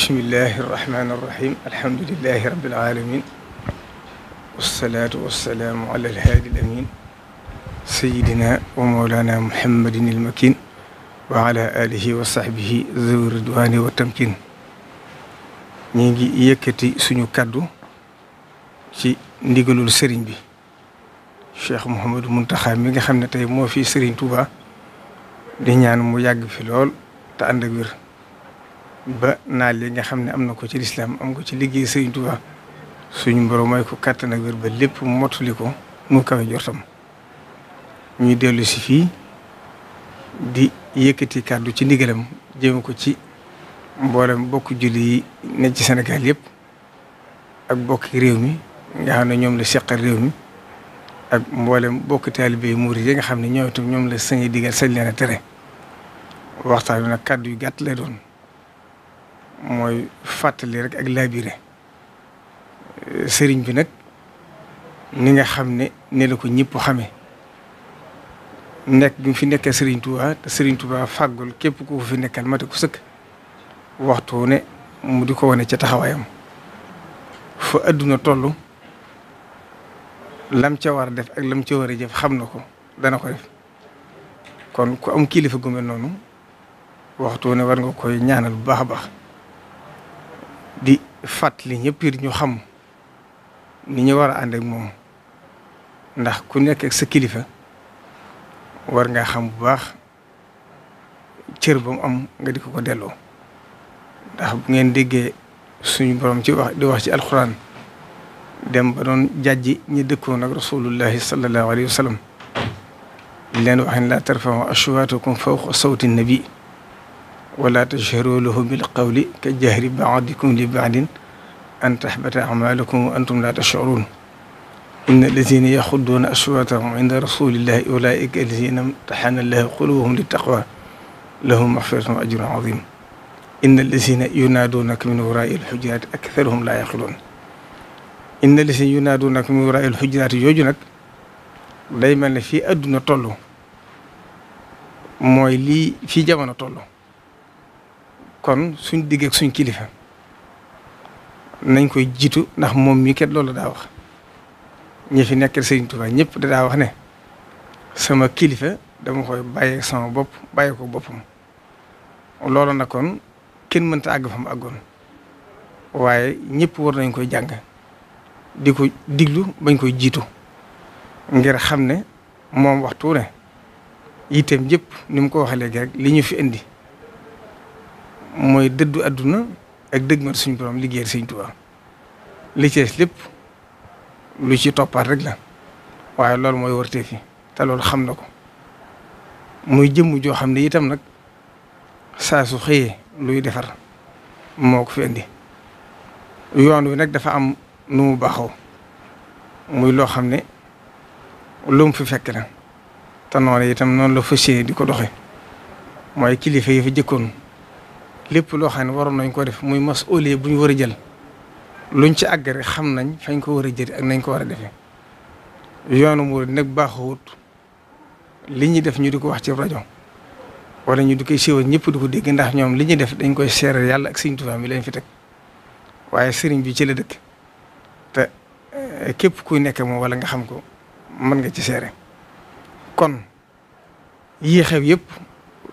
بسم الله الرحمن الرحيم الحمد لله رب العالمين والصلاة والسلام على الهادي الأمين سيدنا ومولانا محمد المكين وعلى آله وصحبه ذو الردوان والتمكين نيجي يكتي سنو كادو في نيجلو السرين بي شيخ محمد منتخى ميغا خمنا تاي مو سرين توبا دي نيان مو ياغ في لول تاندغير ba naa li nga xam ne am na ko ci lislaam am ko ci liggéey sëriñ Tuubaa suñu borom mooy ko kàttan ak wér ba lépp mottali ko mu kawe jortam ñuy dellu si fii di yëkkati kàddu ci ndigalam jëme ko ci mboolem bokk julli yi ci Sénégal yëpp ak bokki réew mi nga xam ñoom la seqal réew mi ak mboolem bokk taalibe yi muur yi nga xam ne ñoom itam ñoom la sañ digal sañ leen a tere waxtaan wi nag kàddu yu gàtt lay doon. mooy fàttali rek ak laabire sëriñ bi nag ni nga xam ne ne la ko ñëpp xame nekk bi fi nekkee sëriñ Touba te sëriñ Touba képp ku fi nekkal mate ku sëkk waxtu ne mu di ko wane ca taxawaayam fa adduna tollu lam ca war a def ak lam ca war a jëf xam na ko dana ko def kon ku am kilifa gu mel noonu waxtu ne war nga koy ñaanal bu baax a baax di fàttali ñëpp it ñu xam ni ñu war a ànd ak moom ndax ku nekk ak sa kilifa war nga xam bu baax cër ba mu am nga di ko ko delloo ndax bu ngeen déggee suñu boroom ci wax di wax ci alxuraan dem ba doon jàjji ñi dëkkoon ak rasulullahi sallallahu alayhi wa sallam leen wax ne laa tarfa'u aswaatakum fawqa sawti nabi ولا تجهروا له بالقول كجهر بعضكم لبعض أن تحبط أعمالكم وأنتم لا تشعرون إن الذين يخدون أصواتهم عند رسول الله أولئك الذين امتحن الله قلوبهم للتقوى لهم مغفرة وأجر عظيم إن الذين ينادونك من وراء الحجرات أكثرهم لا يعقلون إن الذين ينادونك من وراء الحجرات يوجنك دائما في أدنى طلو fii في toll طلو kon suñ digg suñ kilifa nañ koy jiitu ndax moom mii kat loolu daa wax ñi fi nekkal Sëriñ Tuubaa ñëpp daa wax ne sama kilifa dama koy bàyyee sama bopp bàyyi ko boppam loolu nag kon kenn mënta àgg fa mu àggoon waaye ñëpp war nañ koy jàng di ko diglu bañ koy jiitu ngir xam ne moom waxtu ne itam yëpp ni mu ko waxee léegi rek li ñu fi indi mooy dëddu àdduna ak dëgg mat suñu liggéey liggéeyal Sëriñ Tuubaa li cees lépp lu ci toppaat rek la waaye loolu mooy wërtee fi te loolu xam na ko muy jëmm joo xam ne itam nag saa su xëyee luy defar moo ko fi indi yoon wi nag dafa am nu mu muy loo xam ne lu mu fi fekk la te noonu itam noonu la fas di ko doxe mooy kilifa yi fa jëkkoon lepp lo xamne ne nañ ko def muy masuulee buñu wara jël luñ ci àggare xam nañ fañ ko wara a jëri ak nañ ko wara a yoonu mur nek baxawut liñu def ñu diko wax ci radio wala ñu di koy ñepp diko di dégg ndax ñom liñu def dañ koy seeral yalla ak sëriñ touba mi lañ fi tek waye sëriñ bi ci la dëkk té eh, képp ku nekk mo wala nga xam ko man nga ci seere kon yi xew yépp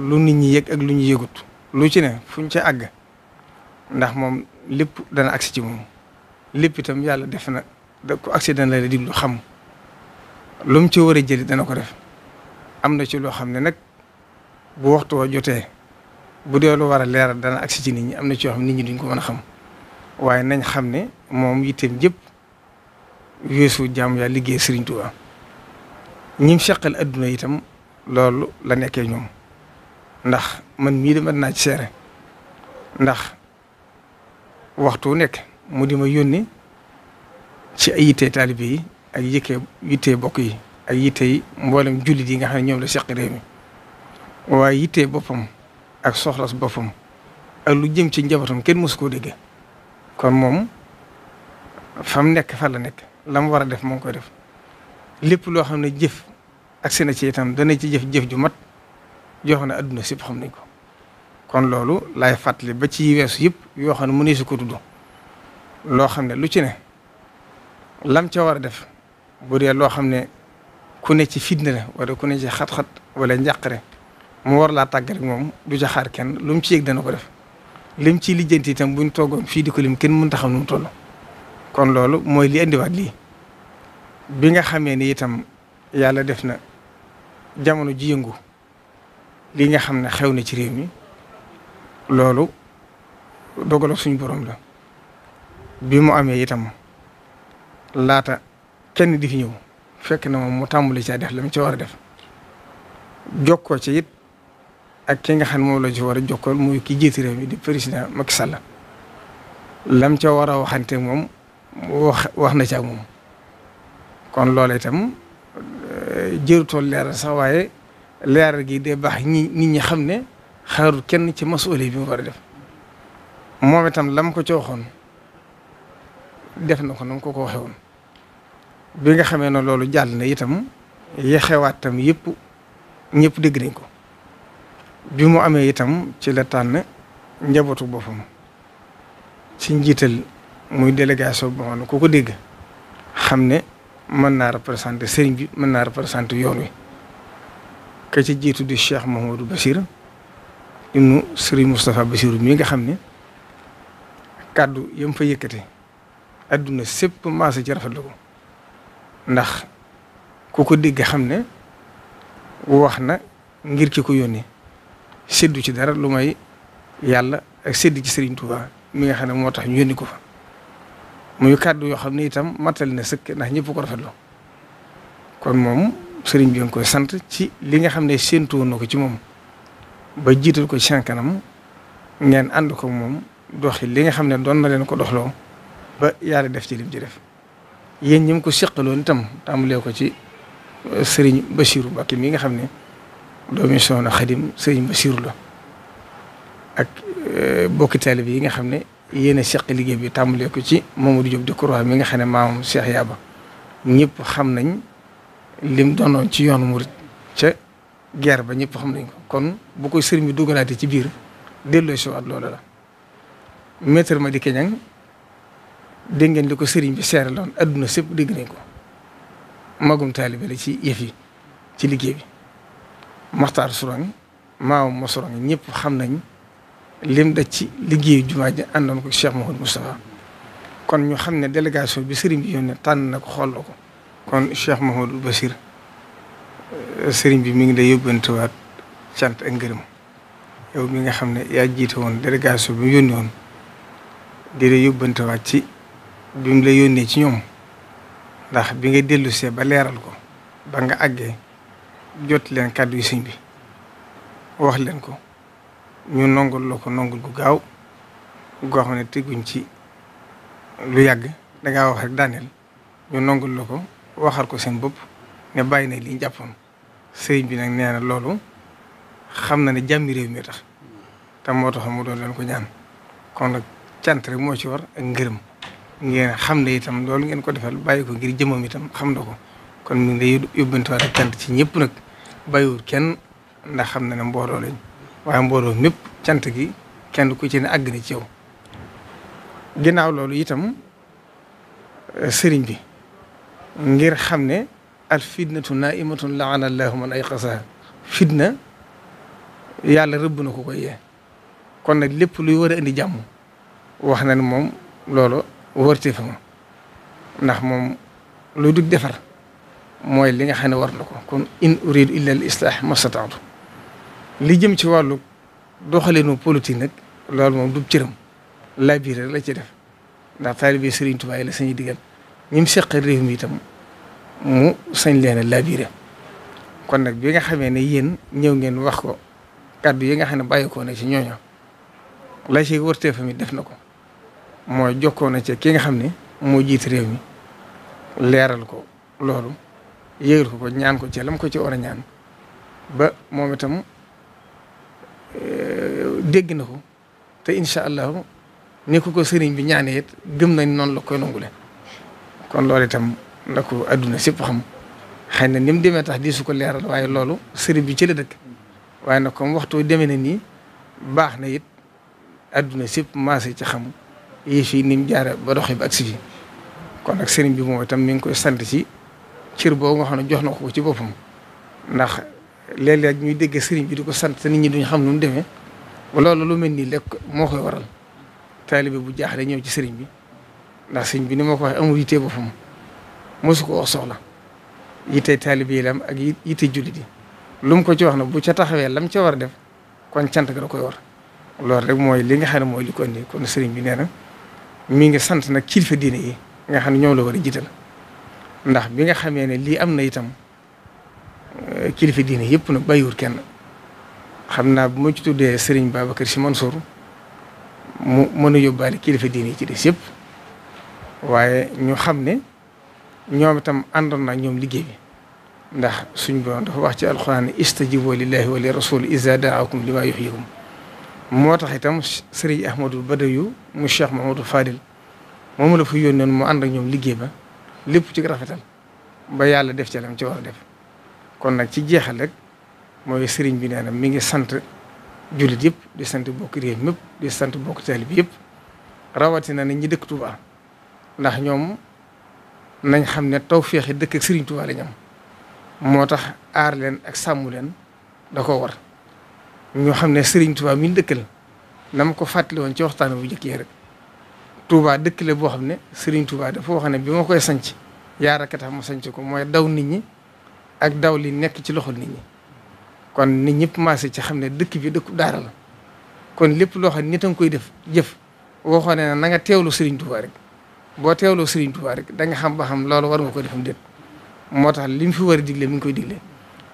lu nit ñi yegg ak lu ñu yegutu lu ci ne fu fuñ ci àgg ndax moom lépp dana agsi ci moom lépp itam yàlla def na da ko accident la la diglu xam lu mu ci war a jëli dana ko def am na ci loo xam ne nag bu waxtu wa jotee bu dee lu war a leeral dana agsi ci nit ñi am na ci yoo xam nit ñi duñ ko mën a xam waaye nañ xam ne moom yitteem jëpp weesu jàmm yaa liggéey Sëriñ Tuubaa ñim seqal adduna itam loolu la nekkee ñoom ndax man mii dem mën naa ci seere ndax waxtu nekk mu di ma yónni ci ay yittee taalibe yi ak yittee bokk yi ak yittee mboolem jullit yi nga xam ne ñoom la seq réew waaye yittee boppam ak soxlas boppam ak lu jëm ci njabootam kenn mosu koo dégg kon moom fam nekk fa la nekk la mu war a def moo ngi koy def lépp loo xam ne jëf ak seen ci itam dana ci jëf jëf ju mat yoo xam ne adduna si xam nañ ko kon loolu laay fàttali ba ci weesu yëpp yoo xam ne mu ne si ko tudd loo xam ne lu ci ne lam ca war a def bu dee loo xam ne ku ne ci fitna la wala ku ne ci xat-xat wala njàqare mu war laa tàggat moom du ca xaar kenn lu mu ci yëg dana ko def lim ci lijjanti itam buñ toogoon fii di ko lim kenn mënta xam nu mu toll kon loolu mooy li indiwaat lii bi nga xamee ni itam yàlla def na jamono ji yëngu li nga xam ne xew na ci réew mi loolu dogalu suñu borom la bi mu amee itam laata kenn di fi ñëw fekk na moom mu tàmbali caa def la mu ci war a def jokkoo ci it ak ki nga xam ne moom la ci war a jokkool muy ki jiiti réew mi di président Macky Sall lam ca war a waxante moom wax wax na ci ak moom kon loola itam eh, jëru tool leeral sax waaye leeral gi de baax ñi nit ñi xam ne xaarul kenn ci masuuli bi mu war def moom itam lam ko ci waxoon def na ko na ko ko waxee woon bi nga xamee ne loolu jàll itam yexewaat tam yëpp ñëpp ko bi mu amee itam ci la tànn njabootu boppam ci njiital muy délégation boo xam ne ku ko dégg xam ne mën naa représenter sëriñ bi mën naa représenter yoon wi. ka ci jiitu di Cheikh Mouhamadou Bachir ibnu Serigne Moustapha Bachir mii nga xam ne kàddu yam fa yëkkate adduna sépp maasa ci rafetlu ko ndax ku ko dégg xam ne wax na ngir ki ko yónni séddu ci dara lu may yàlla ak sédd ci sëriñ Touba mi nga xam ne moo tax ñu yónni ko fa muy kàddu yoo xam ne itam matal na sëkk ndax ñëpp ko rafetlu kon moom. sëriñ bi nga koy sant ci li nga xam ne séentu woon ko ci moom ba jiital ko ci kanam ngeen ànd ko moom doxi li nga xam ne doon na leen ko doxloo ba yàlla def ci lim def yéen ñi ko seqaloon itam tàmbalee ko ci euh, sëriñ Bassirou Mbacké mi nga xam ne doomi Soxna sëriñ Bassirou la ak euh, bokki bi yi nga xam ne yéen a seq liggéey bi tàmbalee ko ci Mamadou Diop mi nga xam ne maamam Cheikh Yaba xam nañ. lim doonoon ci yoonu murit ca guerre ba ñëpp xam nañ ko kon bu koy sëriñ bi duggalaate ci biir delloo si loole la maître ma Niang dégg ngeen li ko sëriñ bi seere loon adduna sépp dégg nañ ko magum taalibe la ci yëf ci liggéey bi Maxtaar Sourang maamam ma Sourang ñëpp xam nañ lim daj ci liggéeyu jumaa ji àndoon ko Cheikh Mouhamadou Moustapha kon ñu xam ne délégation bi sëriñ bi yónnee tànn na ko xool ko kon Cheikh Mahamadou Bachir eh, sëriñ bi mu ngi lay yóbbantewaat cant ak ngërëm yow mi nga xam ne yaa jiite woon délégation bi mu yónni woon di la yóbbantewaat ci bi mu la yónnee ci ñoom ndax bi nga dellusee ba leeral ko ba nga àggee jot leen kàddu yu sëñ bi wax leen ko ñu nongul la ko nongul gu gaaw goo xam ne teguñ ci lu yàgg dangaa wax rek daaneel ñu nongul la ko waxal ko seen bopp ne bàyyi nañ liñ jàppoon sëriñ bi nag nee loolu xam na ne jàmmi réew mi tax te moo tax mu doon leen ko ñaan kon nag cant rek moo ci war ak ngërëm ngeen xam ne itam loolu ngeen ko defal bàyyi ko ngir jëmam itam xam na ko kon mu ngi lay yóbbantewaat ci ñëpp nag bàyyiwul kenn ndax xam na ne mbooloo lañ waaye mbooloo mépp cant gi kenn ku ci ne àgg na ci yow ginnaaw loolu itam eh, sëriñ bi. ngir xamne al fitnatu naimatun laana allahu man ayqasaha fitna yàlla rëbb nako koy ye kon nak lépp luy wara indi jàmm wax na mom lolo worte fa ndax mom lu dug defar moy li nga xamne war na kon in urid illa al islah mastataatu li jëm ci wàllu doxalinu politique nak lolo mom du ciirem la biir la ci def ndax talibé serigne touba Tuubaa la seigne digal ñi mu seqal réew mi itam mu sañ leen a kon nag bi nga xamee ne yéen ñëw ngeen wax ko kàddu bi nga xam ne bàyyikoo na ci ñooñu la ci wërtee fa mi def na ko mooy jokkoo na ci ki nga xam ne moo jiit réew mi leeral ko loolu yëgal ko ko ñaan ko ci lam ko ci war a ñaan ba moom itam eh, dégg na ko te incha allahu ni ko ko sëriñ bi ñaanee it gëm nañ noonu la koy nangule kon loolu itam na àdduna adduna sépp xam xëy na ni mu demee tax di su ko leeral waaye loolu sëriñ bi ci la dëkk waaye nag comme waxtu demee na nii baax na it adduna sépp maase ci xam yi fii ni mu jaare ba doxee ba agsi fi kon ak sëriñ bi moom itam mi ngi koy sant ci cir boo nga xam ne jox na ko ci boppam ndax léeg-léeg ñuy dégg sëriñ bi di ko sant te nit ñi duñ xam nu mu demee loolu lu mel nii lekk moo koy waral taalibe bu jaaxle ñëw ci sëriñ bi ndax sëñ bi ni ma ko waxee amul yite boppam mosu ko wax soxla yite taalibe yi lam ak yite jullit yi lum ko ci wax na bu ca taxawee lam ca war a def kon cant ga da koy war loolu rek mooy li nga xam ne mooy li ko indi sëriñ bi nee na mi ngi sant nag kilifa diine yi nga xam ne ñoom la war a jiital ndax bi nga xamee ne lii am na itam eh, kilifa diine yëpp na bàyyiwul kenn xam naa bu ma ci tuddee sëriñ Babacar Sy Mansour mu mën a yóbbaale kilifa diine yi ci des yëpp. waaye ñoo xam ne ñoom itam àndoon na ñoom liggéey bi ndax suñ borom dafa wax ci alxuraan ne istajibu lillahi wa li rasul iza daakum li maa moo tax itam sëriñ ahmadul badayu mu cheikh mahamadou fadil moomu la fa yónnoon mu ànd ñoom liggéey ba lépp ci rafetal ba yàlla def ci lam ci war a def kon nag ci jeexal rek mooy sëriñ bi nee na mi ngi sant jullit yëpp di sant bokk réew mépp di sant bokk taalibe bi yëpp rawatina na ñi dëkk Tuubaa ndax ñoom nañ xam ne tawféexi dëkk ak Serigne Touba lañ moo tax aar leen ak sàmm leen da ko war ñoo xam ne Serigne Touba mi dëkkal na ma ko fàttali woon ci waxtaan bu njëkk yi rek Touba dëkk la boo xam ne sëriñ Touba dafa wax ne bi koy sanc yaara ka tax ma ko mooy daw nit ñi ak daw li nekk ci loxol nit kon nit ñëpp maase ci xam ne dëkk bi dëkku daara kon lépp loo xam ne koy def jëf waxoon ne na nga teewlu Serigne Touba rek. boo teewloo Serigne Touba rek da nga xam ba xam loolu war nga ko defam déet moo tax li mu fi war a digle mi ngi koy digle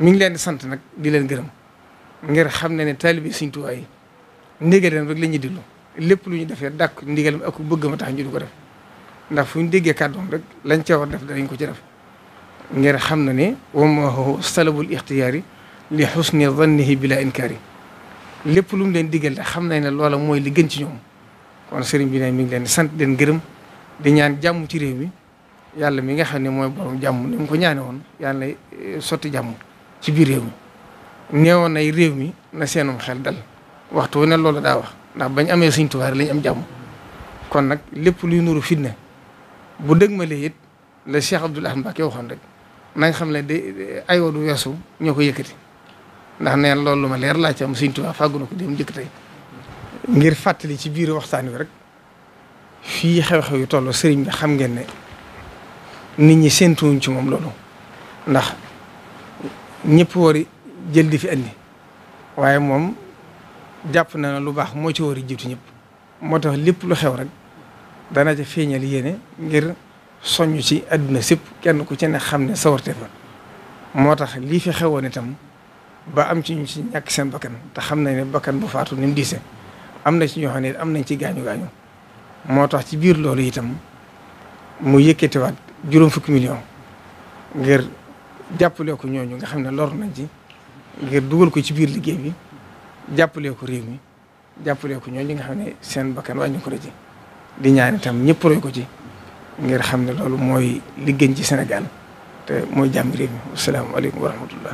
mi ngi leen di sant nag di leen gërëm ngir xam ne ne taalibe Serigne Touba yi ndigalam rek la ñuy lépp lu ñu defee dàkk ndigalam ak bëgg ma tax ñu di ko def ndax fu déggee kàddoom rek lañ ca def danañ ko ci def ngir xam na ne wa ma huwa salabul ixtiyaari li xusni zannihi bila inkaari lépp lu leen digal xam nañ ne loola mooy li gën ci ñoom kon sëriñ bi ne mi ngi leen sant leen gërëm di ñaan jàmm ci réew mi yàlla mi nga xam ne mooy borom jàmm ni mu ko ñaane woon yàlla eh, sotti jàmm ci biir réew mi neewoon ay réew mi na seenum xel dal waxtu ne loolu daa wax ndax bañ amee Sëñ Tuubaa lañ am jàmm kon nag lépp luy nuru fitna bu dëgg ma lee it la Cheikh Abdoul Ahad Mbacké waxoon rek na xam ne de ayoo du weesu ñoo ko yëkkati ndax neen loolu ma leer laa ci am Sëñ Tuubaa fàggu na ko dem njëkk tey ngir fàttali ci biir waxtaan wi rek fii xew-xew yu toll sëriñ bi xam ngeen ne nit ñi séentuwuñ ci moom loolu ndax ñëpp wari jël di fi andi waaye moom jàpp na ne lu baax moo ci war a jiitu ñépp moo tax lépp lu xew rek dana ca feeñal yéene ngir soññ ci àdduna sépp kenn ku ci ne xam ne sawarte fa moo tax lii fi xewoon itam ba am ci ñu ci ñàkk seen bakkan te xam nañ ne bakkan bu faatu ni mu diise am na ci ñoo xam ne am nañ ci gaañu gaañu. moo tax ci biir loolu itam mu yëkkatiwaat juróom fukki million ngir jàppale ko ñooñu nga xam ne lor nañ ci ngir dugal ko ci biir liggéey bi jàppale ko réew mi jàppale ko ñooñu nga xam ne seen bakkan wàññi ko la ci di ñaan itam ñëpp roy ko ci ngir xam ne loolu mooy liggéey ci senegal te mooy jàmm réew mi asalaamaaleykum wa rahmatullah